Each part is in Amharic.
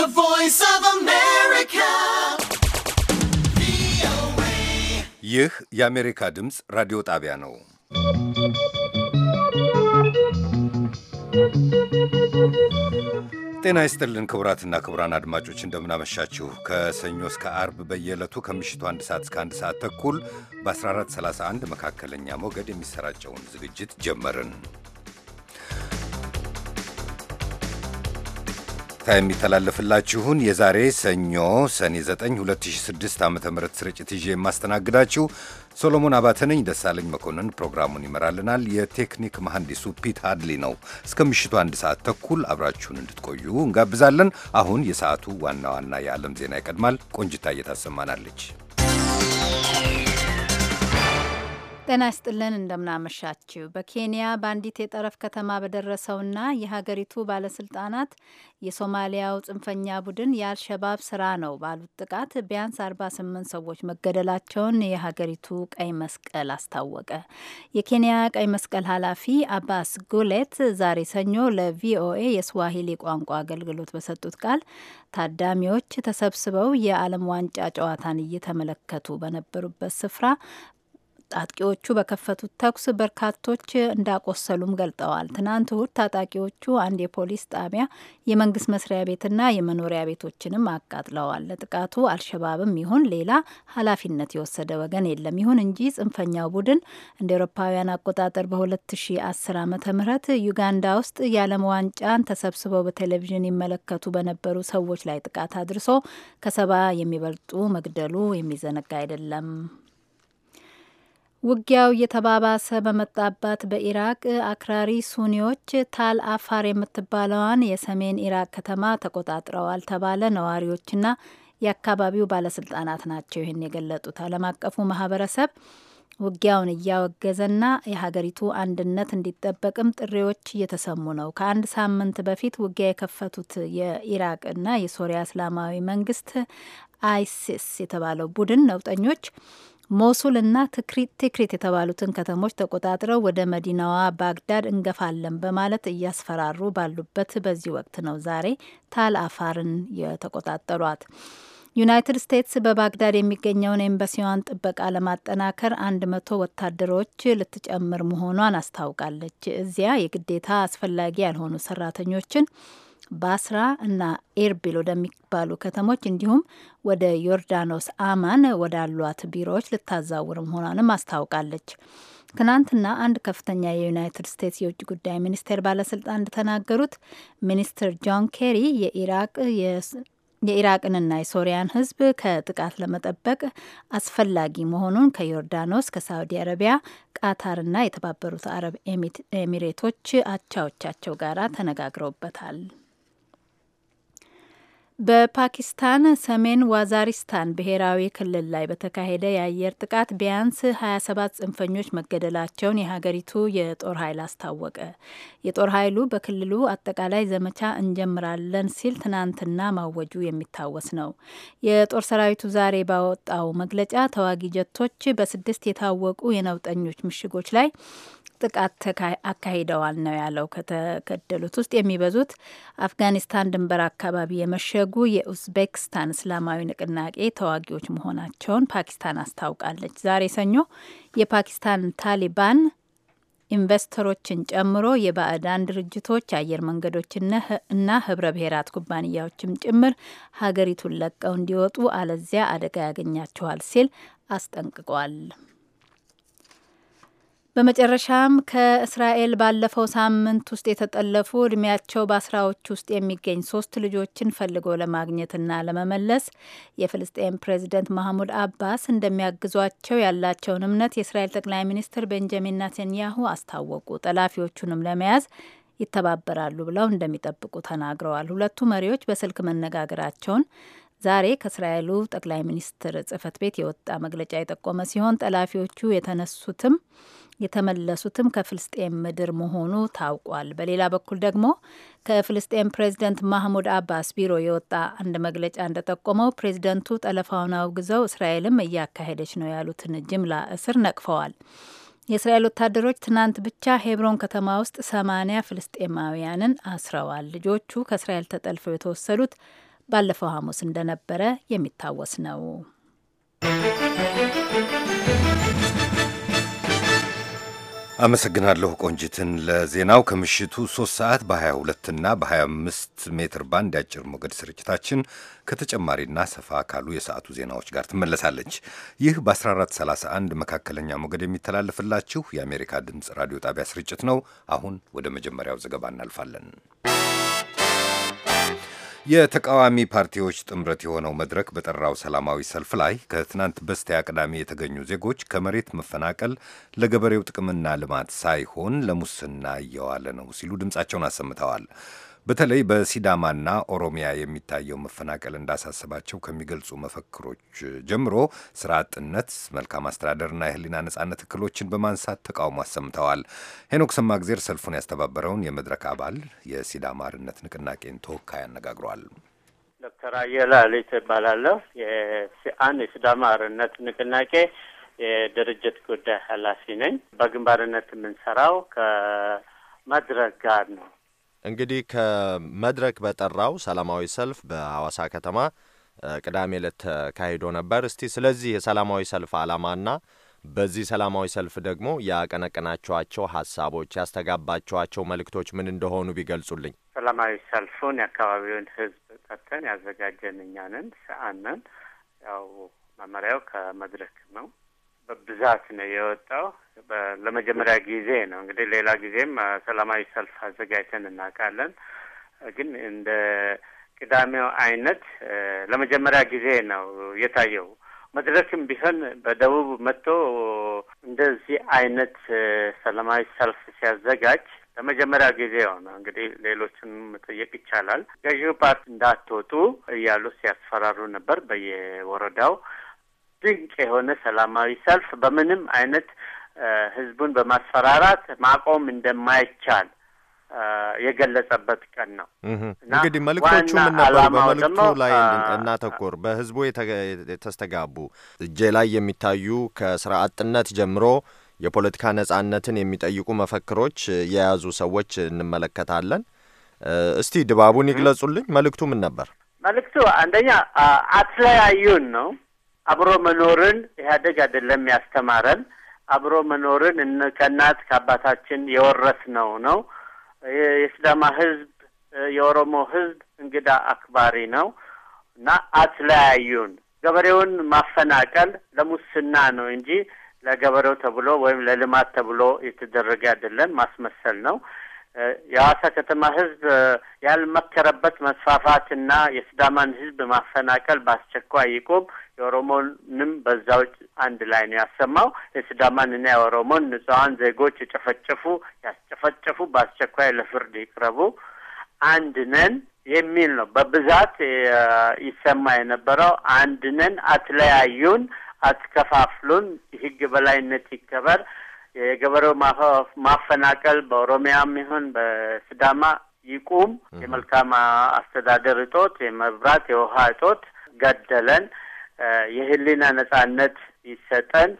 The voice of America. ይህ የአሜሪካ ድምፅ ራዲዮ ጣቢያ ነው። ጤና ይስጥልን ክቡራትና ክቡራን አድማጮች እንደምናመሻችሁ። ከሰኞ እስከ አርብ በየዕለቱ ከምሽቱ አንድ ሰዓት እስከ አንድ ሰዓት ተኩል በ1431 መካከለኛ ሞገድ የሚሰራጨውን ዝግጅት ጀመርን። በቀጥታ የሚተላለፍላችሁን የዛሬ ሰኞ ሰኔ 9 2006 ዓ ም ስርጭት ይዤ የማስተናግዳችሁ ሶሎሞን አባተነኝ። ደሳለኝ መኮንን ፕሮግራሙን ይመራልናል። የቴክኒክ መሐንዲሱ ፒት ሃድሊ ነው። እስከ ምሽቱ አንድ ሰዓት ተኩል አብራችሁን እንድትቆዩ እንጋብዛለን። አሁን የሰዓቱ ዋና ዋና የዓለም ዜና ይቀድማል። ቆንጅታ እየታሰማናለች። ጤና ይስጥልን እንደምናመሻችው። በኬንያ በአንዲት የጠረፍ ከተማ በደረሰውና የሀገሪቱ ባለስልጣናት የሶማሊያው ጽንፈኛ ቡድን የአልሸባብ ስራ ነው ባሉት ጥቃት ቢያንስ 48 ሰዎች መገደላቸውን የሀገሪቱ ቀይ መስቀል አስታወቀ። የኬንያ ቀይ መስቀል ኃላፊ አባስ ጉሌት ዛሬ ሰኞ ለቪኦኤ የስዋሂሊ ቋንቋ አገልግሎት በሰጡት ቃል ታዳሚዎች ተሰብስበው የዓለም ዋንጫ ጨዋታን እየተመለከቱ በነበሩበት ስፍራ ታጣቂዎቹ በከፈቱት ተኩስ በርካቶች እንዳቆሰሉም ገልጠዋል። ትናንት እሁድ ታጣቂዎቹ አንድ የፖሊስ ጣቢያ፣ የመንግስት መስሪያ ቤትና የመኖሪያ ቤቶችንም አቃጥለዋል። ለጥቃቱ አልሸባብም ይሁን ሌላ ኃላፊነት የወሰደ ወገን የለም። ይሁን እንጂ ጽንፈኛው ቡድን እንደ ኤሮፓውያን አቆጣጠር በ2010 ዓ ም ዩጋንዳ ውስጥ የዓለም ዋንጫን ተሰብስበው በቴሌቪዥን ይመለከቱ በነበሩ ሰዎች ላይ ጥቃት አድርሶ ከሰባ የሚበልጡ መግደሉ የሚዘነጋ አይደለም። ውጊያው እየተባባሰ በመጣባት በኢራቅ አክራሪ ሱኒዎች ታል አፋር የምትባለዋን የሰሜን ኢራቅ ከተማ ተቆጣጥረዋል ተባለ። ነዋሪዎችና የአካባቢው ባለስልጣናት ናቸው ይህን የገለጡት። ዓለም አቀፉ ማህበረሰብ ውጊያውን እያወገዘና የሀገሪቱ አንድነት እንዲጠበቅም ጥሪዎች እየተሰሙ ነው። ከአንድ ሳምንት በፊት ውጊያ የከፈቱት የኢራቅና የሶሪያ እስላማዊ መንግስት አይሲስ የተባለው ቡድን ነውጠኞች ሞሱል እና ትክሪት የተባሉትን ከተሞች ተቆጣጥረው ወደ መዲናዋ ባግዳድ እንገፋለን በማለት እያስፈራሩ ባሉበት በዚህ ወቅት ነው ዛሬ ታል አፋርን የተቆጣጠሯት። ዩናይትድ ስቴትስ በባግዳድ የሚገኘውን ኤምባሲዋን ጥበቃ ለማጠናከር አንድ መቶ ወታደሮች ልትጨምር መሆኗን አስታውቃለች። እዚያ የግዴታ አስፈላጊ ያልሆኑ ሰራተኞችን ባስራ እና ኤርቢል ወደሚባሉ ከተሞች እንዲሁም ወደ ዮርዳኖስ አማን ወዳሏት ቢሮዎች ልታዛውር መሆኗንም አስታውቃለች። ትናንትና አንድ ከፍተኛ የዩናይትድ ስቴትስ የውጭ ጉዳይ ሚኒስቴር ባለስልጣን እንደተናገሩት ሚኒስትር ጆን ኬሪ የኢራቅ የኢራቅንና የሶሪያን ሕዝብ ከጥቃት ለመጠበቅ አስፈላጊ መሆኑን ከዮርዳኖስ፣ ከሳውዲ አረቢያ፣ ቃታርና የተባበሩት አረብ ኤሚሬቶች አቻዎቻቸው ጋር ተነጋግረውበታል። በፓኪስታን ሰሜን ዋዛሪስታን ብሔራዊ ክልል ላይ በተካሄደ የአየር ጥቃት ቢያንስ 27 ጽንፈኞች መገደላቸውን የሀገሪቱ የጦር ኃይል አስታወቀ። የጦር ኃይሉ በክልሉ አጠቃላይ ዘመቻ እንጀምራለን ሲል ትናንትና ማወጁ የሚታወስ ነው። የጦር ሰራዊቱ ዛሬ ባወጣው መግለጫ ተዋጊ ጀቶች በስድስት የታወቁ የነውጠኞች ምሽጎች ላይ ጥቃት አካሂደዋል ነው ያለው። ከተገደሉት ውስጥ የሚበዙት አፍጋኒስታን ድንበር አካባቢ የመሸጉ የኡዝቤክስታን እስላማዊ ንቅናቄ ተዋጊዎች መሆናቸውን ፓኪስታን አስታውቃለች። ዛሬ ሰኞ የፓኪስታን ታሊባን ኢንቨስተሮችን ጨምሮ የባዕዳን ድርጅቶች አየር መንገዶችና ህብረ ብሔራት ኩባንያዎችም ጭምር ሀገሪቱን ለቀው እንዲወጡ አለዚያ አደጋ ያገኛቸዋል ሲል አስጠንቅቋል። በመጨረሻም ከእስራኤል ባለፈው ሳምንት ውስጥ የተጠለፉ እድሜያቸው በአስራዎች ውስጥ የሚገኝ ሶስት ልጆችን ፈልጎ ለማግኘትና ለመመለስ የፍልስጤን ፕሬዚደንት ማህሙድ አባስ እንደሚያግዟቸው ያላቸውን እምነት የእስራኤል ጠቅላይ ሚኒስትር ቤንጃሚን ናተንያሁ አስታወቁ። ጠላፊዎቹንም ለመያዝ ይተባበራሉ ብለው እንደሚጠብቁ ተናግረዋል። ሁለቱ መሪዎች በስልክ መነጋገራቸውን ዛሬ ከእስራኤሉ ጠቅላይ ሚኒስትር ጽህፈት ቤት የወጣ መግለጫ የጠቆመ ሲሆን ጠላፊዎቹ የተነሱትም የተመለሱትም ከፍልስጤም ምድር መሆኑ ታውቋል። በሌላ በኩል ደግሞ ከፍልስጤም ፕሬዚደንት ማህሙድ አባስ ቢሮ የወጣ አንድ መግለጫ እንደጠቆመው ፕሬዚደንቱ ጠለፋውን አውግዘው እስራኤልም እያካሄደች ነው ያሉትን ጅምላ እስር ነቅፈዋል። የእስራኤል ወታደሮች ትናንት ብቻ ሄብሮን ከተማ ውስጥ ሰማንያ ፍልስጤማውያንን አስረዋል። ልጆቹ ከእስራኤል ተጠልፈው የተወሰዱት ባለፈው ሐሙስ እንደነበረ የሚታወስ ነው። አመሰግናለሁ ቆንጂትን ለዜናው። ከምሽቱ 3 ሰዓት በ22 እና በ25 ሜትር ባንድ የአጭር ሞገድ ስርጭታችን ከተጨማሪና ሰፋ ካሉ የሰዓቱ ዜናዎች ጋር ትመለሳለች። ይህ በ1431 መካከለኛ ሞገድ የሚተላለፍላችሁ የአሜሪካ ድምፅ ራዲዮ ጣቢያ ስርጭት ነው። አሁን ወደ መጀመሪያው ዘገባ እናልፋለን። የተቃዋሚ ፓርቲዎች ጥምረት የሆነው መድረክ በጠራው ሰላማዊ ሰልፍ ላይ ከትናንት በስቲያ ቅዳሜ የተገኙ ዜጎች ከመሬት መፈናቀል ለገበሬው ጥቅምና ልማት ሳይሆን ለሙስና እየዋለ ነው ሲሉ ድምፃቸውን አሰምተዋል። በተለይ በሲዳማና ኦሮሚያ የሚታየው መፈናቀል እንዳሳሰባቸው ከሚገልጹ መፈክሮች ጀምሮ ስራ አጥነት፣ መልካም አስተዳደርና የህሊና ነጻነት እክሎችን በማንሳት ተቃውሞ አሰምተዋል። ሄኖክ ሰማግዜር ሰልፉን ያስተባበረውን የመድረክ አባል የሲዳማ አርነት ንቅናቄን ተወካይ አነጋግሯል። ዶክተር አየላ ሌት እባላለሁ። የአንድ የሲዳማ አርነት ንቅናቄ የድርጅት ጉዳይ ኃላፊ ነኝ። በግንባርነት የምንሰራው ከመድረክ ጋር ነው። እንግዲህ ከመድረክ በጠራው ሰላማዊ ሰልፍ በሐዋሳ ከተማ ቅዳሜ ዕለት ተካሂዶ ነበር። እስቲ ስለዚህ የሰላማዊ ሰልፍ ዓላማና በዚህ ሰላማዊ ሰልፍ ደግሞ ያቀነቀናቸዋቸው ሀሳቦች ያስተጋባቸዋቸው መልእክቶች ምን እንደሆኑ ቢገልጹልኝ። ሰላማዊ ሰልፉን የአካባቢውን ህዝብ ጠርተን ያዘጋጀን እኛንን ሰአነን ያው መመሪያው ከመድረክ ነው። በብዛት ነው የወጣው። ለመጀመሪያ ጊዜ ነው እንግዲህ። ሌላ ጊዜም ሰላማዊ ሰልፍ አዘጋጅተን እናውቃለን። ግን እንደ ቅዳሜው አይነት ለመጀመሪያ ጊዜ ነው የታየው። መድረክም ቢሆን በደቡብ መጥቶ እንደዚህ አይነት ሰላማዊ ሰልፍ ሲያዘጋጅ ለመጀመሪያ ጊዜ ሆነ። እንግዲህ ሌሎችን መጠየቅ ይቻላል። ገዢው ፓርቲ እንዳትወጡ እያሉ ሲያስፈራሩ ነበር በየወረዳው ድንቅ የሆነ ሰላማዊ ሰልፍ በምንም አይነት ህዝቡን በማስፈራራት ማቆም እንደማይቻል የገለጸበት ቀን ነው። እንግዲህ መልእክቶቹ ምን ነበሩ? በመልእክቱ ላይ እናተኩር። በህዝቡ የተስተጋቡ እጄ ላይ የሚታዩ ከስራ አጥነት ጀምሮ የፖለቲካ ነጻነትን የሚጠይቁ መፈክሮች የያዙ ሰዎች እንመለከታለን። እስቲ ድባቡን ይግለጹልኝ። መልእክቱ ምን ነበር? መልእክቱ አንደኛ አትለያዩን ነው። አብሮ መኖርን ኢህአደግ አይደለም ያስተማረን። አብሮ መኖርን እነ ከእናት ከአባታችን የወረስ ነው። የስዳማ ህዝብ የኦሮሞ ህዝብ እንግዳ አክባሪ ነው እና አትለያዩን። ገበሬውን ማፈናቀል ለሙስና ነው እንጂ ለገበሬው ተብሎ ወይም ለልማት ተብሎ የተደረገ አይደለም፣ ማስመሰል ነው። የሐዋሳ ከተማ ህዝብ ያልመከረበት መስፋፋትና የስዳማን ህዝብ ማፈናቀል በአስቸኳይ ይቁም። የኦሮሞንም በዛው አንድ ላይ ነው ያሰማው። የሲዳማንና የኦሮሞን ንጹሐን ዜጎች የጨፈጨፉ ያስጨፈጨፉ በአስቸኳይ ለፍርድ ይቅረቡ፣ አንድ ነን የሚል ነው በብዛት ይሰማ የነበረው። አንድ ነን፣ አትለያዩን፣ አትከፋፍሉን፣ የህግ በላይነት ይከበር፣ የገበሬው ማፈናቀል በኦሮሚያም ይሁን በስዳማ ይቁም፣ የመልካም አስተዳደር እጦት፣ የመብራት የውሃ እጦት ገደለን የህሊና ነጻነት ይሰጠን።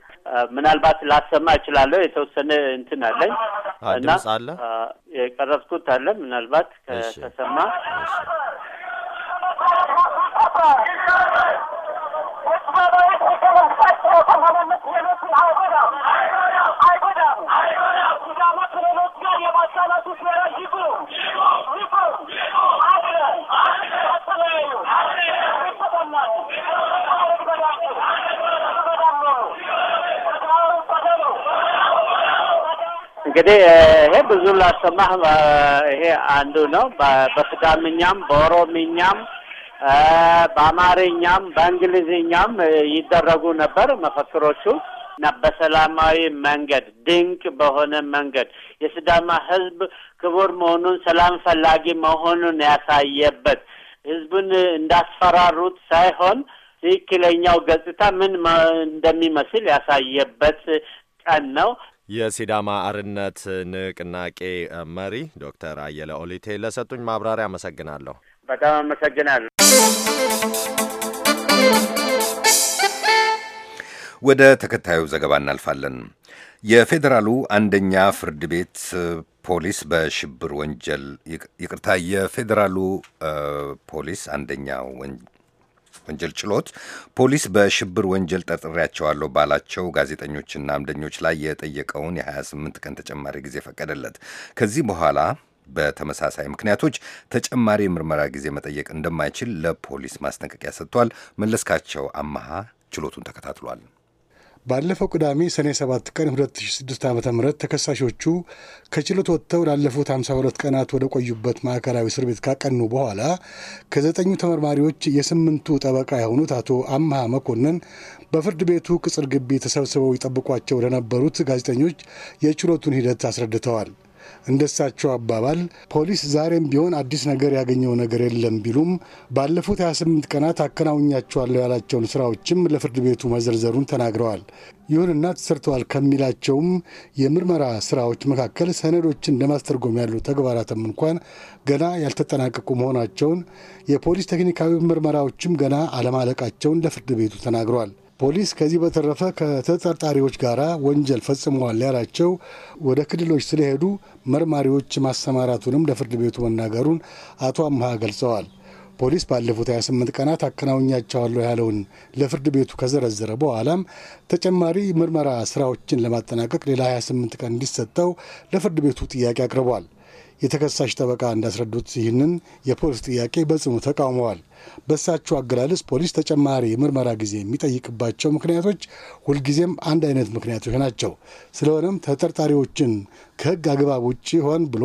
ምናልባት ላሰማ እችላለሁ። የተወሰነ እንትን አለኝ እና የቀረብኩት አለ። ምናልባት ከተሰማ እንግዲህ ይሄ ብዙ ላሰማህ ይሄ አንዱ ነው። በስዳምኛም በኦሮምኛም በአማርኛም በእንግሊዝኛም ይደረጉ ነበር መፈክሮቹ እና በሰላማዊ መንገድ ድንቅ በሆነ መንገድ የስዳማ ሕዝብ ክቡር መሆኑን ሰላም ፈላጊ መሆኑን ያሳየበት ህዝቡን እንዳስፈራሩት ሳይሆን ትክክለኛው ገጽታ ምን እንደሚመስል ያሳየበት ቀን ነው። የሲዳማ አርነት ንቅናቄ መሪ ዶክተር አየለ ኦሊቴ ለሰጡኝ ማብራሪያ አመሰግናለሁ። በጣም አመሰግናለሁ። ወደ ተከታዩ ዘገባ እናልፋለን። የፌዴራሉ አንደኛ ፍርድ ቤት ፖሊስ በሽብር ወንጀል ይቅርታ፣ የፌዴራሉ ፖሊስ አንደኛ ወንጀል ችሎት ፖሊስ በሽብር ወንጀል ጠርጥሬያቸዋለሁ ባላቸው ጋዜጠኞችና አምደኞች ላይ የጠየቀውን የ28 ቀን ተጨማሪ ጊዜ ፈቀደለት። ከዚህ በኋላ በተመሳሳይ ምክንያቶች ተጨማሪ የምርመራ ጊዜ መጠየቅ እንደማይችል ለፖሊስ ማስጠንቀቂያ ሰጥቷል። መለስካቸው አማሃ ችሎቱን ተከታትሏል። ባለፈው ቅዳሜ ሰኔ 7 ቀን 2006 ዓ ም ተከሳሾቹ ከችሎት ወጥተው ላለፉት 52 ቀናት ወደ ቆዩበት ማዕከላዊ እስር ቤት ካቀኑ በኋላ ከዘጠኙ ተመርማሪዎች የስምንቱ ጠበቃ የሆኑት አቶ አምሃ መኮንን በፍርድ ቤቱ ቅጽር ግቢ ተሰብስበው ይጠብቋቸው ለነበሩት ጋዜጠኞች የችሎቱን ሂደት አስረድተዋል። እንደሳቸው አባባል ፖሊስ ዛሬም ቢሆን አዲስ ነገር ያገኘው ነገር የለም ቢሉም ባለፉት 28 ቀናት አከናውኛቸዋለሁ ያላቸውን ስራዎችም ለፍርድ ቤቱ መዘርዘሩን ተናግረዋል። ይሁንና ተሰርተዋል ከሚላቸውም የምርመራ ስራዎች መካከል ሰነዶችን ለማስተርጎም ያሉ ተግባራትም እንኳን ገና ያልተጠናቀቁ መሆናቸውን፣ የፖሊስ ቴክኒካዊ ምርመራዎችም ገና አለማለቃቸውን ለፍርድ ቤቱ ተናግረዋል። ፖሊስ ከዚህ በተረፈ ከተጠርጣሪዎች ጋር ወንጀል ፈጽመዋል ያላቸው ወደ ክልሎች ስለሄዱ መርማሪዎች ማሰማራቱንም ለፍርድ ቤቱ መናገሩን አቶ አምሃ ገልጸዋል። ፖሊስ ባለፉት 28 ቀናት አከናውኛቸዋለሁ ያለውን ለፍርድ ቤቱ ከዘረዘረ በኋላም ተጨማሪ ምርመራ ስራዎችን ለማጠናቀቅ ሌላ 28 ቀን እንዲሰጠው ለፍርድ ቤቱ ጥያቄ አቅርቧል። የተከሳሽ ጠበቃ እንዳስረዱት ይህንን የፖሊስ ጥያቄ በጽኑ ተቃውመዋል። በእሳቸው አገላለጽ ፖሊስ ተጨማሪ የምርመራ ጊዜ የሚጠይቅባቸው ምክንያቶች ሁልጊዜም አንድ አይነት ምክንያቶች ናቸው። ስለሆነም ተጠርጣሪዎችን ከህግ አግባብ ውጭ ሆን ብሎ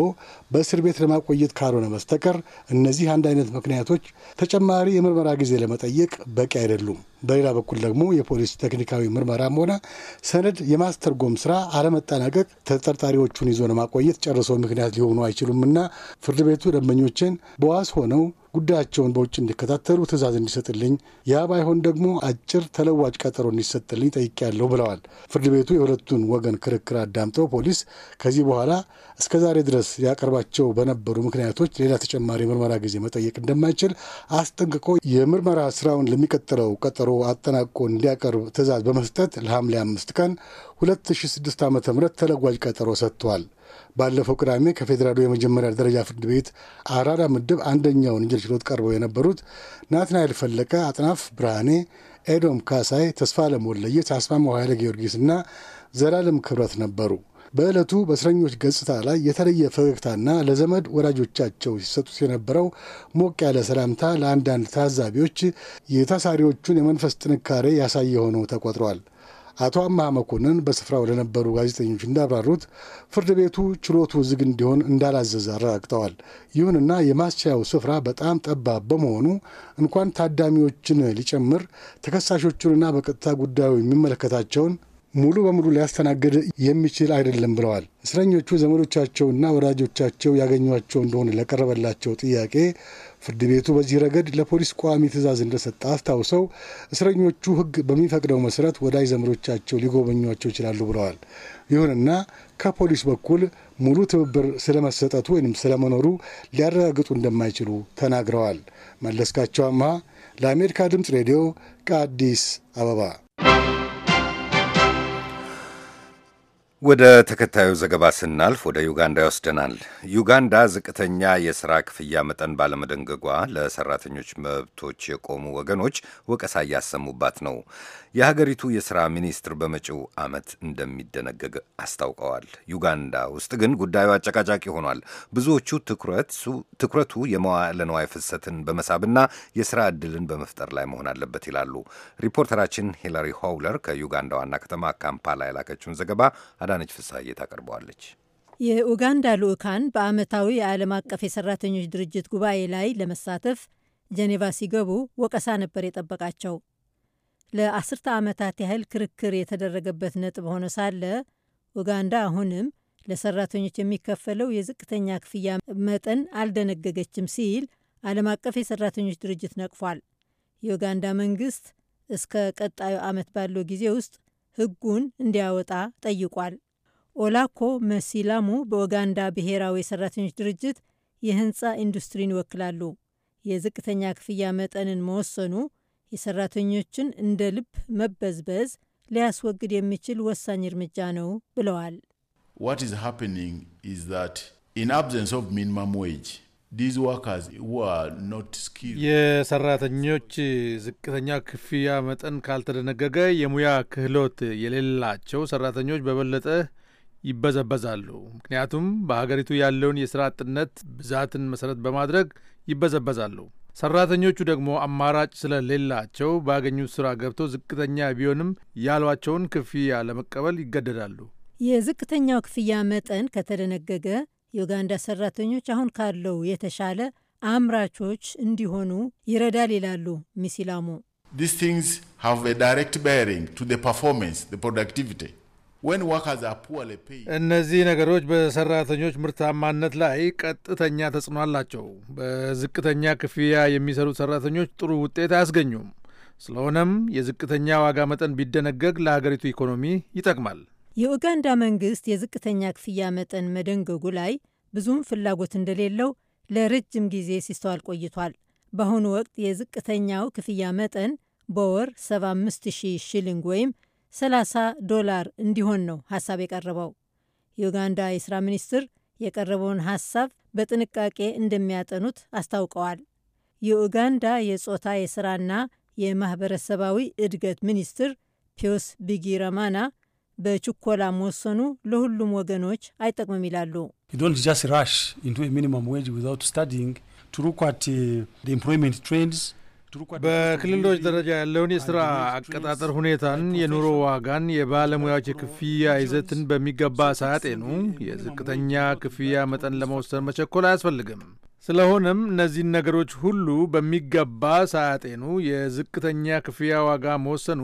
በእስር ቤት ለማቆየት ካልሆነ በስተቀር እነዚህ አንድ አይነት ምክንያቶች ተጨማሪ የምርመራ ጊዜ ለመጠየቅ በቂ አይደሉም። በሌላ በኩል ደግሞ የፖሊስ ቴክኒካዊ ምርመራም ሆነ ሰነድ የማስተርጎም ስራ አለመጠናቀቅ ተጠርጣሪዎቹን ይዞ ለማቆየት ጨርሶ ምክንያት ሊሆኑ አይችሉምና ፍርድ ቤቱ ደንበኞችን በዋስ ሆነው ጉዳያቸውን በውጭ እንዲከታተሉ ትእዛዝ እንዲሰጥልኝ፣ ያ ባይሆን ደግሞ አጭር ተለዋጭ ቀጠሮ እንዲሰጥልኝ ጠይቄያለሁ ብለዋል። ፍርድ ቤቱ የሁለቱን ወገን ክርክር አዳምጠው ፖሊስ ከዚህ በኋላ እስከ ዛሬ ድረስ ያቀርባቸው በነበሩ ምክንያቶች ሌላ ተጨማሪ የምርመራ ጊዜ መጠየቅ እንደማይችል አስጠንቅቆ የምርመራ ስራውን ለሚቀጥለው ቀጠሮ አጠናቆ እንዲያቀርብ ትዕዛዝ በመስጠት ለሐምሌ አምስት ቀን 2006 ዓ ም ተለዋጭ ቀጠሮ ሰጥቷል። ባለፈው ቅዳሜ ከፌዴራሉ የመጀመሪያ ደረጃ ፍርድ ቤት አራዳ ምድብ አንደኛውን ወንጀል ችሎት ቀርበው የነበሩት ናትናኤል ፈለቀ፣ አጥናፍ ብርሃኔ፣ ኤዶም ካሳይ፣ ተስፋለም ወልደየስ፣ አስማማው ኃይለ እና ዘላለም ክብረት ነበሩ። በዕለቱ በእስረኞች ገጽታ ላይ የተለየ ፈገግታና ለዘመድ ወዳጆቻቸው ሲሰጡት የነበረው ሞቅ ያለ ሰላምታ ለአንዳንድ ታዛቢዎች የታሳሪዎቹን የመንፈስ ጥንካሬ ያሳየ ሆኖ ተቆጥሯል። አቶ አማ መኮንን በስፍራው ለነበሩ ጋዜጠኞች እንዳብራሩት ፍርድ ቤቱ ችሎቱ ዝግ እንዲሆን እንዳላዘዘ አረጋግጠዋል። ይሁንና የማስቻያው ስፍራ በጣም ጠባብ በመሆኑ እንኳን ታዳሚዎችን ሊጨምር ተከሳሾቹንና በቀጥታ ጉዳዩ የሚመለከታቸውን ሙሉ በሙሉ ሊያስተናግድ የሚችል አይደለም ብለዋል። እስረኞቹ ዘመዶቻቸውና ወዳጆቻቸው ያገኟቸው እንደሆነ ለቀረበላቸው ጥያቄ ፍርድ ቤቱ በዚህ ረገድ ለፖሊስ ቋሚ ትዕዛዝ እንደሰጠ አስታውሰው እስረኞቹ ሕግ በሚፈቅደው መሰረት ወዳጅ ዘመዶቻቸው ሊጎበኟቸው ይችላሉ ብለዋል። ይሁንና ከፖሊስ በኩል ሙሉ ትብብር ስለመሰጠቱ ወይም ስለመኖሩ ሊያረጋግጡ እንደማይችሉ ተናግረዋል። መለስካቸው አምሃ ለአሜሪካ ድምፅ ሬዲዮ ከአዲስ አበባ ወደ ተከታዩ ዘገባ ስናልፍ ወደ ዩጋንዳ ይወስደናል። ዩጋንዳ ዝቅተኛ የሥራ ክፍያ መጠን ባለመደንገጓ ለሠራተኞች መብቶች የቆሙ ወገኖች ወቀሳ እያሰሙባት ነው። የሀገሪቱ የሥራ ሚኒስትር በመጪው ዓመት እንደሚደነገግ አስታውቀዋል። ዩጋንዳ ውስጥ ግን ጉዳዩ አጨቃጫቂ ሆኗል። ብዙዎቹ ትኩረቱ የመዋዕለ ንዋይ ፍሰትን በመሳብና የሥራ ዕድልን በመፍጠር ላይ መሆን አለበት ይላሉ። ሪፖርተራችን ሂላሪ ሆውለር ከዩጋንዳ ዋና ከተማ ካምፓላ የላከችውን ዘገባ አዳነች ፍስሐዬ ታቀርበዋለች። የኡጋንዳ ልዑካን በዓመታዊ የዓለም አቀፍ የሰራተኞች ድርጅት ጉባኤ ላይ ለመሳተፍ ጀኔቫ ሲገቡ ወቀሳ ነበር የጠበቃቸው። ለአስርተ ዓመታት ያህል ክርክር የተደረገበት ነጥብ ሆኖ ሳለ ኡጋንዳ አሁንም ለሰራተኞች የሚከፈለው የዝቅተኛ ክፍያ መጠን አልደነገገችም ሲል ዓለም አቀፍ የሰራተኞች ድርጅት ነቅፏል። የኡጋንዳ መንግስት እስከ ቀጣዩ ዓመት ባለው ጊዜ ውስጥ ህጉን እንዲያወጣ ጠይቋል። ኦላኮ መሲላሙ በኡጋንዳ ብሔራዊ የሰራተኞች ድርጅት የህንፃ ኢንዱስትሪን ይወክላሉ። የዝቅተኛ ክፍያ መጠንን መወሰኑ የሰራተኞችን እንደ ልብ መበዝበዝ ሊያስወግድ የሚችል ወሳኝ እርምጃ ነው ብለዋል። What is happening is that in absence of minimum wage, these workers who are not skilled የሰራተኞች ዝቅተኛ ክፍያ መጠን ካልተደነገገ የሙያ ክህሎት የሌላቸው ሰራተኞች በበለጠ ይበዘበዛሉ። ምክንያቱም በሀገሪቱ ያለውን የስራ አጥነት ብዛትን መሰረት በማድረግ ይበዘበዛሉ። ሰራተኞቹ ደግሞ አማራጭ ስለሌላቸው ባገኙት ስራ ገብተው ዝቅተኛ ቢሆንም ያሏቸውን ክፍያ ለመቀበል ይገደዳሉ። የዝቅተኛው ክፍያ መጠን ከተደነገገ የኡጋንዳ ሰራተኞች አሁን ካለው የተሻለ አምራቾች እንዲሆኑ ይረዳል ይላሉ ሚሲላሙ። እነዚህ ነገሮች በሰራተኞች ምርታማነት ላይ ቀጥተኛ ተጽዕኖ አላቸው። በዝቅተኛ ክፍያ የሚሰሩት ሰራተኞች ጥሩ ውጤት አያስገኙም። ስለሆነም የዝቅተኛ ዋጋ መጠን ቢደነገግ ለሀገሪቱ ኢኮኖሚ ይጠቅማል። የኡጋንዳ መንግስት የዝቅተኛ ክፍያ መጠን መደንገጉ ላይ ብዙም ፍላጎት እንደሌለው ለረጅም ጊዜ ሲስተዋል ቆይቷል። በአሁኑ ወቅት የዝቅተኛው ክፍያ መጠን በወር 75000 ሺሊንግ ወይም 30 ዶላር እንዲሆን ነው ሀሳብ የቀረበው። የኡጋንዳ የሥራ ሚኒስትር የቀረበውን ሀሳብ በጥንቃቄ እንደሚያጠኑት አስታውቀዋል። የኡጋንዳ የጾታ የሥራና የማኅበረሰባዊ እድገት ሚኒስትር ፒዮስ ቢጊረማና በችኮላ መወሰኑ ለሁሉም ወገኖች አይጠቅምም ይላሉ። ራሽ ኢንቱ ሚኒመም ዌጅ ስታዲንግ ቱ ሉክ አት ኢምፕሎይመንት ትሬንድስ በክልሎች ደረጃ ያለውን የሥራ አቀጣጠር ሁኔታን፣ የኑሮ ዋጋን፣ የባለሙያዎች የክፍያ ይዘትን በሚገባ ሳያጤኑ የዝቅተኛ ክፍያ መጠን ለመወሰን መቸኮል አያስፈልግም። ስለሆነም እነዚህን ነገሮች ሁሉ በሚገባ ሳያጤኑ የዝቅተኛ ክፍያ ዋጋ መወሰኑ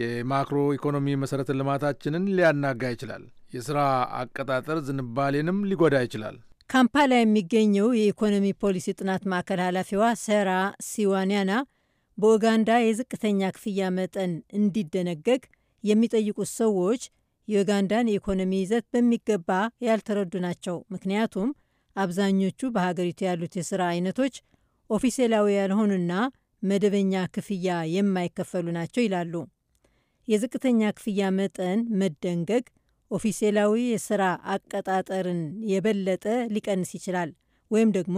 የማክሮ ኢኮኖሚ መሠረተ ልማታችንን ሊያናጋ ይችላል። የሥራ አቀጣጠር ዝንባሌንም ሊጎዳ ይችላል። ካምፓላ የሚገኘው የኢኮኖሚ ፖሊሲ ጥናት ማዕከል ኃላፊዋ ሰራ ሲዋንያና በኡጋንዳ የዝቅተኛ ክፍያ መጠን እንዲደነገግ የሚጠይቁት ሰዎች የኡጋንዳን የኢኮኖሚ ይዘት በሚገባ ያልተረዱ ናቸው፣ ምክንያቱም አብዛኞቹ በሀገሪቱ ያሉት የሥራ አይነቶች ኦፊሴላዊ ያልሆኑና መደበኛ ክፍያ የማይከፈሉ ናቸው ይላሉ። የዝቅተኛ ክፍያ መጠን መደንገግ ኦፊሴላዊ የስራ አቀጣጠርን የበለጠ ሊቀንስ ይችላል ወይም ደግሞ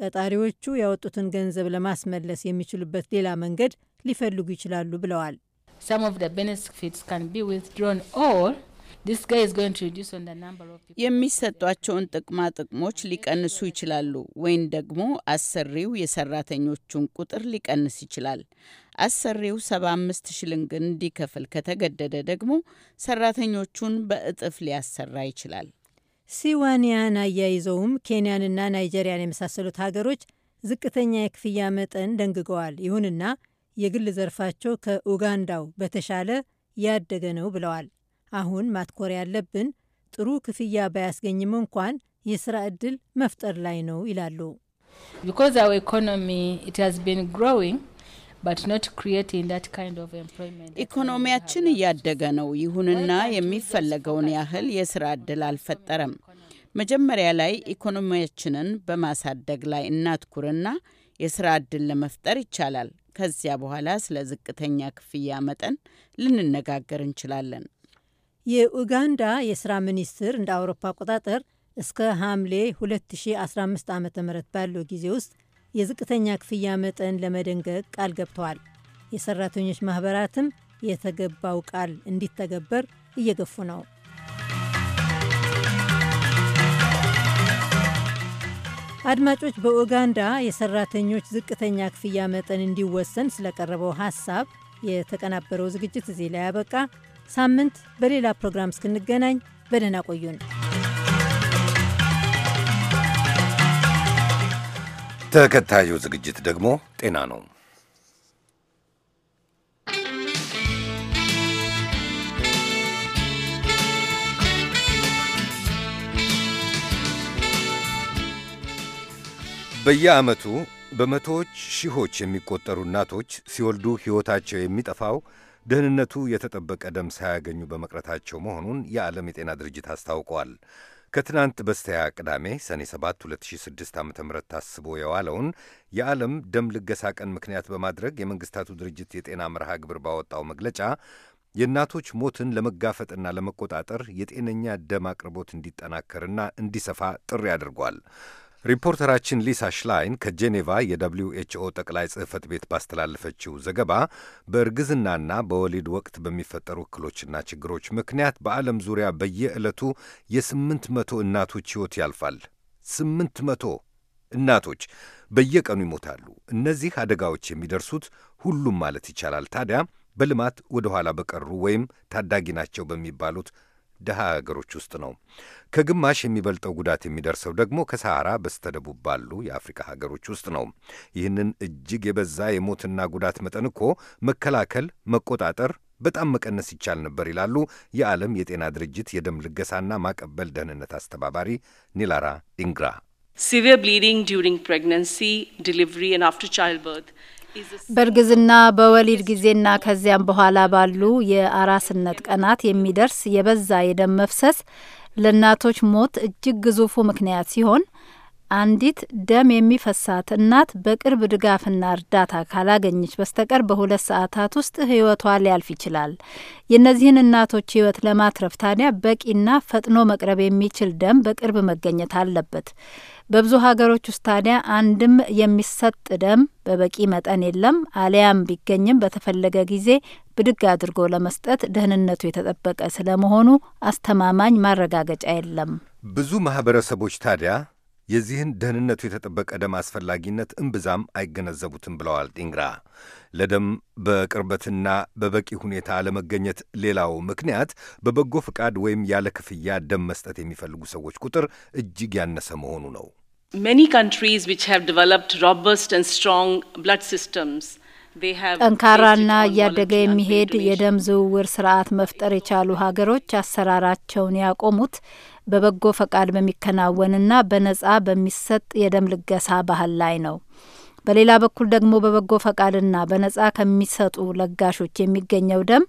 ቀጣሪዎቹ ያወጡትን ገንዘብ ለማስመለስ የሚችሉበት ሌላ መንገድ ሊፈልጉ ይችላሉ ብለዋል። የሚሰጧቸውን ጥቅማ ጥቅሞች ሊቀንሱ ይችላሉ፣ ወይም ደግሞ አሰሪው የሰራተኞቹን ቁጥር ሊቀንስ ይችላል። አሰሪው 75 ሽልንግ እንዲከፍል ከተገደደ ደግሞ ሰራተኞቹን በእጥፍ ሊያሰራ ይችላል። ሲዋንያን አያይዘውም ኬንያንና ናይጄሪያን የመሳሰሉት ሀገሮች ዝቅተኛ የክፍያ መጠን ደንግገዋል። ይሁንና የግል ዘርፋቸው ከኡጋንዳው በተሻለ ያደገ ነው ብለዋል። አሁን ማትኮር ያለብን ጥሩ ክፍያ ባያስገኝም እንኳን የስራ እድል መፍጠር ላይ ነው ይላሉ። ኢኮኖሚያችን እያደገ ነው። ይሁንና የሚፈለገውን ያህል የስራ እድል አልፈጠረም። መጀመሪያ ላይ ኢኮኖሚያችንን በማሳደግ ላይ እናትኩርና የስራ እድል ለመፍጠር ይቻላል። ከዚያ በኋላ ስለ ዝቅተኛ ክፍያ መጠን ልንነጋገር እንችላለን። የኡጋንዳ የስራ ሚኒስትር እንደ አውሮፓ አቆጣጠር እስከ ሐምሌ 2015 ዓ ም ባለው ጊዜ ውስጥ የዝቅተኛ ክፍያ መጠን ለመደንገግ ቃል ገብተዋል። የሰራተኞች ማኅበራትም የተገባው ቃል እንዲተገበር እየገፉ ነው። አድማጮች፣ በኡጋንዳ የሰራተኞች ዝቅተኛ ክፍያ መጠን እንዲወሰን ስለቀረበው ሐሳብ የተቀናበረው ዝግጅት እዚህ ላይ ያበቃ። ሳምንት በሌላ ፕሮግራም እስክንገናኝ በደህና ቆዩን። ተከታዩ ዝግጅት ደግሞ ጤና ነው። በየዓመቱ በመቶዎች ሺሆች የሚቆጠሩ እናቶች ሲወልዱ ሕይወታቸው የሚጠፋው ደህንነቱ የተጠበቀ ደም ሳያገኙ በመቅረታቸው መሆኑን የዓለም የጤና ድርጅት አስታውቋል። ከትናንት በስቲያ ቅዳሜ ሰኔ 7 2006 ዓ ም ታስቦ የዋለውን የዓለም ደም ልገሳ ቀን ምክንያት በማድረግ የመንግስታቱ ድርጅት የጤና መርሃ ግብር ባወጣው መግለጫ የእናቶች ሞትን ለመጋፈጥና ለመቆጣጠር የጤነኛ ደም አቅርቦት እንዲጠናከርና እንዲሰፋ ጥሪ አድርጓል። ሪፖርተራችን ሊሳ ሽላይን ከጄኔቫ የደብሊው ኤችኦ ጠቅላይ ጽህፈት ቤት ባስተላለፈችው ዘገባ በእርግዝናና በወሊድ ወቅት በሚፈጠሩ እክሎችና ችግሮች ምክንያት በዓለም ዙሪያ በየዕለቱ የስምንት መቶ እናቶች ሕይወት ያልፋል። ስምንት መቶ እናቶች በየቀኑ ይሞታሉ። እነዚህ አደጋዎች የሚደርሱት ሁሉም ማለት ይቻላል ታዲያ በልማት ወደ ኋላ በቀሩ ወይም ታዳጊ ናቸው በሚባሉት ድሃ አገሮች ውስጥ ነው። ከግማሽ የሚበልጠው ጉዳት የሚደርሰው ደግሞ ከሰሃራ በስተደቡብ ባሉ የአፍሪካ ሀገሮች ውስጥ ነው። ይህንን እጅግ የበዛ የሞትና ጉዳት መጠን እኮ መከላከል፣ መቆጣጠር በጣም መቀነስ ይቻል ነበር ይላሉ የዓለም የጤና ድርጅት የደም ልገሳና ማቀበል ደህንነት አስተባባሪ ኒላራ ኢንግራ። ሲቪር ብሊዲንግ ዲውሪንግ ፕሬግናንሲ ዲሊቨሪ ኤንድ አፍተር ቻይልድ በርዝ በእርግዝና በወሊድ ጊዜና ከዚያም በኋላ ባሉ የአራስነት ቀናት የሚደርስ የበዛ የደም መፍሰስ ለእናቶች ሞት እጅግ ግዙፉ ምክንያት ሲሆን አንዲት ደም የሚፈሳት እናት በቅርብ ድጋፍና እርዳታ ካላገኘች በስተቀር በሁለት ሰዓታት ውስጥ ሕይወቷ ሊያልፍ ይችላል። የእነዚህን እናቶች ሕይወት ለማትረፍ ታዲያ በቂና ፈጥኖ መቅረብ የሚችል ደም በቅርብ መገኘት አለበት። በብዙ ሀገሮች ውስጥ ታዲያ አንድም የሚሰጥ ደም በበቂ መጠን የለም። አሊያም ቢገኝም በተፈለገ ጊዜ ብድግ አድርጎ ለመስጠት ደህንነቱ የተጠበቀ ስለመሆኑ አስተማማኝ ማረጋገጫ የለም። ብዙ ማህበረሰቦች ታዲያ የዚህን ደህንነቱ የተጠበቀ ደም አስፈላጊነት እምብዛም አይገነዘቡትም ብለዋል ዲንግራ። ለደም በቅርበትና በበቂ ሁኔታ አለመገኘት ሌላው ምክንያት በበጎ ፍቃድ ወይም ያለ ክፍያ ደም መስጠት የሚፈልጉ ሰዎች ቁጥር እጅግ ያነሰ መሆኑ ነው። many countries which have developed robust and strong blood systems ጠንካራና እያደገ የሚሄድ የደም ዝውውር ስርዓት መፍጠር የቻሉ ሀገሮች አሰራራቸውን ያቆሙት በበጎ ፈቃድ በሚከናወንና በነጻ በሚሰጥ የደም ልገሳ ባህል ላይ ነው። በሌላ በኩል ደግሞ በበጎ ፈቃድና በነጻ ከሚሰጡ ለጋሾች የሚገኘው ደም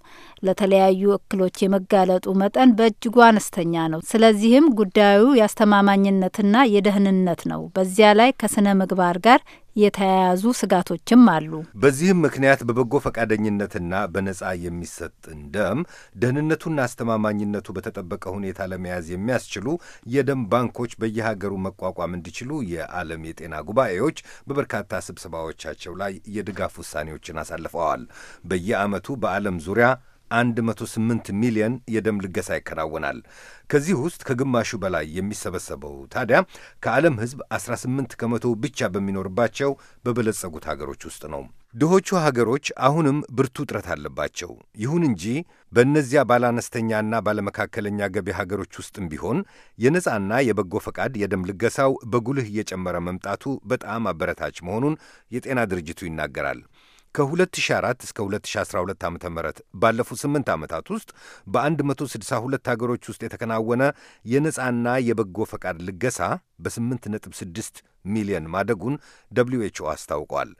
ለተለያዩ እክሎች የመጋለጡ መጠን በእጅጉ አነስተኛ ነው። ስለዚህም ጉዳዩ የአስተማማኝነትና የደህንነት ነው። በዚያ ላይ ከስነ ምግባር ጋር የተያያዙ ስጋቶችም አሉ። በዚህም ምክንያት በበጎ ፈቃደኝነትና በነጻ የሚሰጥን ደም ደህንነቱና አስተማማኝነቱ በተጠበቀ ሁኔታ ለመያዝ የሚያስችሉ የደም ባንኮች በየሀገሩ መቋቋም እንዲችሉ የዓለም የጤና ጉባኤዎች በበርካታ ስብሰባዎቻቸው ላይ የድጋፍ ውሳኔዎችን አሳልፈዋል። በየዓመቱ በዓለም ዙሪያ 108 ሚሊዮን የደም ልገሳ ይከናወናል። ከዚህ ውስጥ ከግማሹ በላይ የሚሰበሰበው ታዲያ ከዓለም ሕዝብ 18 ከመቶ ብቻ በሚኖርባቸው በበለጸጉት ሀገሮች ውስጥ ነው። ድሆቹ ሀገሮች አሁንም ብርቱ ጥረት አለባቸው። ይሁን እንጂ በእነዚያ ባለአነስተኛና ባለመካከለኛ ገቢ ሀገሮች ውስጥም ቢሆን የነጻና የበጎ ፈቃድ የደም ልገሳው በጉልህ እየጨመረ መምጣቱ በጣም አበረታች መሆኑን የጤና ድርጅቱ ይናገራል። ከ2004 እስከ 2012 ዓ ም ባለፉት 8 ዓመታት ውስጥ በ162 ሀገሮች ውስጥ የተከናወነ የነፃና የበጎ ፈቃድ ልገሳ በ8.6 ሚሊዮን ማደጉን ደብሊው ኤች ኦ አስታውቋል።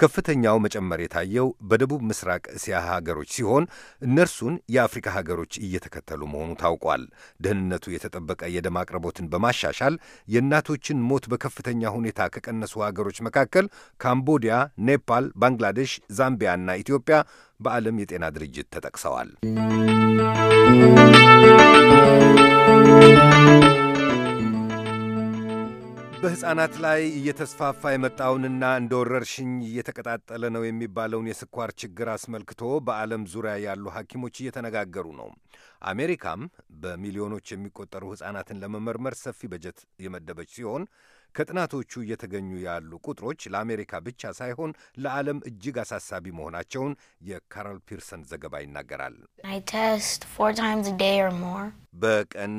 ከፍተኛው መጨመር የታየው በደቡብ ምስራቅ እስያ ሀገሮች ሲሆን እነርሱን የአፍሪካ ሀገሮች እየተከተሉ መሆኑ ታውቋል። ደህንነቱ የተጠበቀ የደም አቅርቦትን በማሻሻል የእናቶችን ሞት በከፍተኛ ሁኔታ ከቀነሱ ሀገሮች መካከል ካምቦዲያ፣ ኔፓል፣ ባንግላዴሽ፣ ዛምቢያ እና ኢትዮጵያ በዓለም የጤና ድርጅት ተጠቅሰዋል። በሕፃናት ላይ እየተስፋፋ የመጣውንና እንደ ወረርሽኝ እየተቀጣጠለ ነው የሚባለውን የስኳር ችግር አስመልክቶ በዓለም ዙሪያ ያሉ ሐኪሞች እየተነጋገሩ ነው። አሜሪካም በሚሊዮኖች የሚቆጠሩ ሕፃናትን ለመመርመር ሰፊ በጀት የመደበች ሲሆን ከጥናቶቹ እየተገኙ ያሉ ቁጥሮች ለአሜሪካ ብቻ ሳይሆን ለዓለም እጅግ አሳሳቢ መሆናቸውን የካረል ፒርሰን ዘገባ ይናገራል። በቀን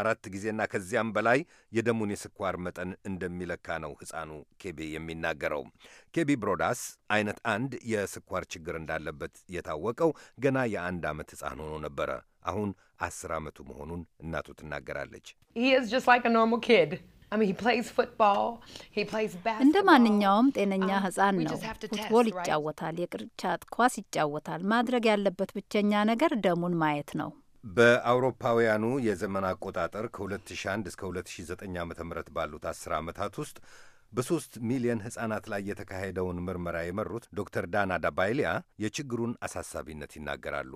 አራት ጊዜና ከዚያም በላይ የደሙን የስኳር መጠን እንደሚለካ ነው ሕፃኑ ኬቢ የሚናገረው። ኬቢ ብሮዳስ አይነት አንድ የስኳር ችግር እንዳለበት የታወቀው ገና የአንድ ዓመት ሕፃን ሆኖ ነበረ። አሁን አስር ዓመቱ መሆኑን እናቱ ትናገራለች። እንደ ማንኛውም ጤነኛ um, ህፃን ነው። ፉትቦል ይጫወታል፣ የቅርጫት ኳስ ይጫወታል። ማድረግ ያለበት ብቸኛ ነገር ደሙን ማየት ነው። በአውሮፓውያኑ የዘመን አቆጣጠር ከ2001 እስከ 2009 ዓ ም ባሉት 10 ዓመታት ውስጥ በሦስት ሚሊየን ሕፃናት ላይ የተካሄደውን ምርመራ የመሩት ዶክተር ዳና ዳባይሊያ የችግሩን አሳሳቢነት ይናገራሉ።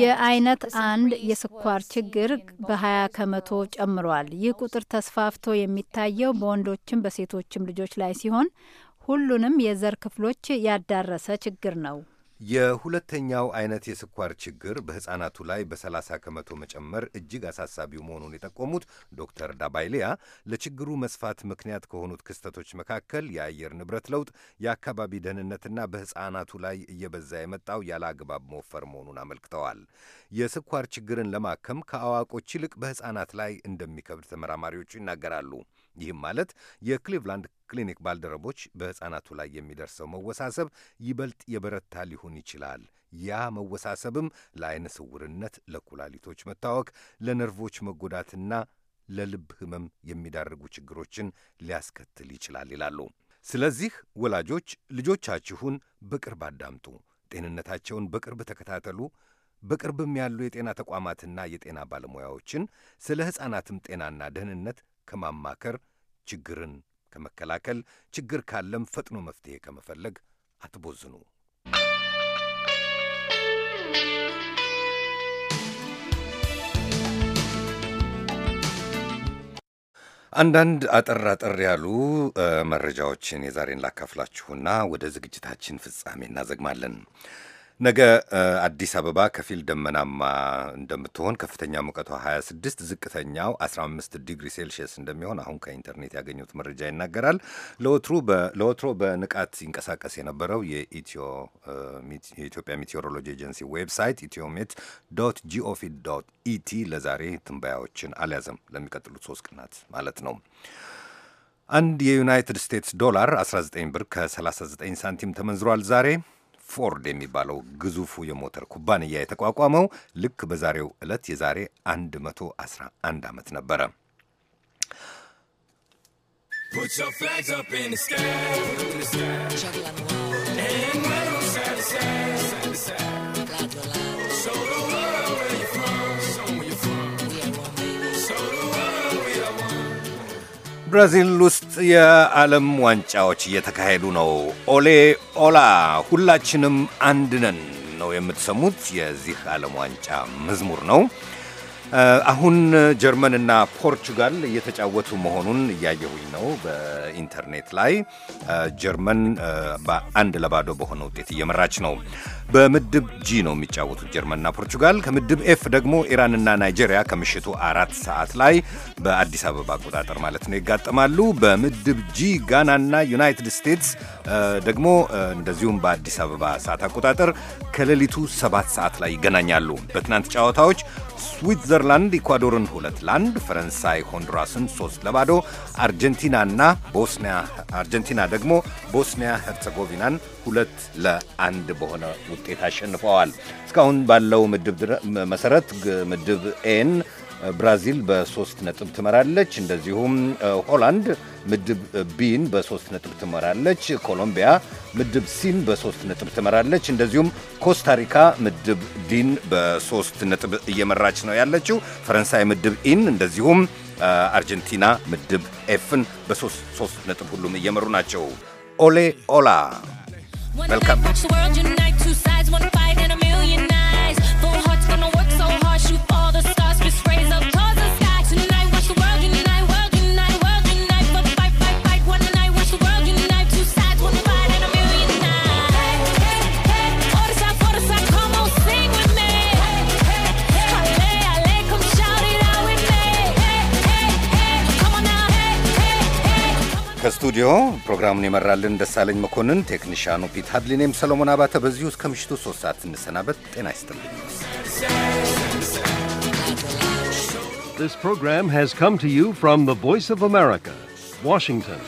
የአይነት አንድ የስኳር ችግር በ20 ከመቶ ጨምሯል። ይህ ቁጥር ተስፋፍቶ የሚታየው በወንዶችም በሴቶችም ልጆች ላይ ሲሆን ሁሉንም የዘር ክፍሎች ያዳረሰ ችግር ነው። የሁለተኛው አይነት የስኳር ችግር በሕፃናቱ ላይ በ30 ከመቶ መጨመር እጅግ አሳሳቢው መሆኑን የጠቆሙት ዶክተር ዳባይሊያ ለችግሩ መስፋት ምክንያት ከሆኑት ክስተቶች መካከል የአየር ንብረት ለውጥ፣ የአካባቢ ደህንነትና በሕፃናቱ ላይ እየበዛ የመጣው ያለ አግባብ መወፈር መሆኑን አመልክተዋል። የስኳር ችግርን ለማከም ከአዋቆች ይልቅ በሕፃናት ላይ እንደሚከብድ ተመራማሪዎቹ ይናገራሉ። ይህም ማለት የክሊቭላንድ ክሊኒክ ባልደረቦች በሕፃናቱ ላይ የሚደርሰው መወሳሰብ ይበልጥ የበረታ ሊሆን ይችላል። ያ መወሳሰብም ለአይነ ስውርነት፣ ለኩላሊቶች መታወክ፣ ለነርቮች መጎዳትና ለልብ ህመም የሚዳርጉ ችግሮችን ሊያስከትል ይችላል ይላሉ። ስለዚህ ወላጆች ልጆቻችሁን በቅርብ አዳምጡ፣ ጤንነታቸውን በቅርብ ተከታተሉ። በቅርብም ያሉ የጤና ተቋማትና የጤና ባለሙያዎችን ስለ ሕፃናትም ጤናና ደህንነት ከማማከር፣ ችግርን ከመከላከል፣ ችግር ካለም ፈጥኖ መፍትሄ ከመፈለግ አትቦዝኑ። አንዳንድ አጠር አጠር ያሉ መረጃዎችን የዛሬን ላካፍላችሁና ወደ ዝግጅታችን ፍጻሜ እናዘግማለን። ነገ አዲስ አበባ ከፊል ደመናማ እንደምትሆን ከፍተኛ ሙቀቷ 26 ዝቅተኛው 15 ዲግሪ ሴልሺየስ እንደሚሆን አሁን ከኢንተርኔት ያገኙት መረጃ ይናገራል። ለወትሮ በንቃት ሲንቀሳቀስ የነበረው የኢትዮጵያ ሜቴዎሮሎጂ ኤጀንሲ ዌብሳይት ኢትዮሜት ዶት ጂኦፊ ዶት ኢቲ ለዛሬ ትንበያዎችን አልያዘም። ለሚቀጥሉት ሶስት ቀናት ማለት ነው። አንድ የዩናይትድ ስቴትስ ዶላር 19 ብር ከ39 ሳንቲም ተመንዝሯል ዛሬ ፎርድ የሚባለው ግዙፉ የሞተር ኩባንያ የተቋቋመው ልክ በዛሬው ዕለት የዛሬ 111 ዓመት ነበረ። ብራዚል ውስጥ የዓለም ዋንጫዎች እየተካሄዱ ነው። ኦሌ ኦላ ሁላችንም አንድ ነን ነው የምትሰሙት። የዚህ ዓለም ዋንጫ መዝሙር ነው። አሁን ጀርመንና ፖርቹጋል እየተጫወቱ መሆኑን እያየሁኝ ነው በኢንተርኔት ላይ። ጀርመን በአንድ ለባዶ በሆነ ውጤት እየመራች ነው። በምድብ ጂ ነው የሚጫወቱት ጀርመንና ፖርቹጋል። ከምድብ ኤፍ ደግሞ ኢራንና ናይጄሪያ ከምሽቱ አራት ሰዓት ላይ በአዲስ አበባ አቆጣጠር ማለት ነው ይጋጠማሉ። በምድብ ጂ ጋናና ዩናይትድ ስቴትስ ደግሞ እንደዚሁም በአዲስ አበባ ሰዓት አቆጣጠር ከሌሊቱ ሰባት ሰዓት ላይ ይገናኛሉ። በትናንት ጨዋታዎች ስዊትዘርላንድ ኢኳዶርን ሁለት ለአንድ፣ ፈረንሳይ ሆንዱራስን ሶስት ለባዶ፣ አርጀንቲናና ቦስኒያ አርጀንቲና ደግሞ ቦስኒያ ሄርዘጎቪናን ሁለት ለአንድ በሆነ ውጤት አሸንፈዋል። እስካሁን ባለው ምድብ መሰረት ምድብ ኤን ብራዚል በሶስት ነጥብ ትመራለች። እንደዚሁም ሆላንድ ምድብ ቢን በሶስት ነጥብ ትመራለች። ኮሎምቢያ ምድብ ሲን በሶስት ነጥብ ትመራለች። እንደዚሁም ኮስታሪካ ምድብ ዲን በሶስት ነጥብ እየመራች ነው ያለችው። ፈረንሳይ ምድብ ኢን እንደዚሁም አርጀንቲና ምድብ ኤፍን በሶስት ሶስት ነጥብ ሁሉም እየመሩ ናቸው። ኦሌ ኦላ መልካም ስቱዲዮ ፕሮግራሙን የመራልን ደሳለኝ መኮንን፣ ቴክኒሽያኑ ፒት ሀድሊኔም ሰሎሞን አባተ። በዚሁ እስከ ምሽቱ ሶስት ሰዓት እንሰናበት። ጤና ይስጥልኝ። This program has come to you from the Voice of America, Washington.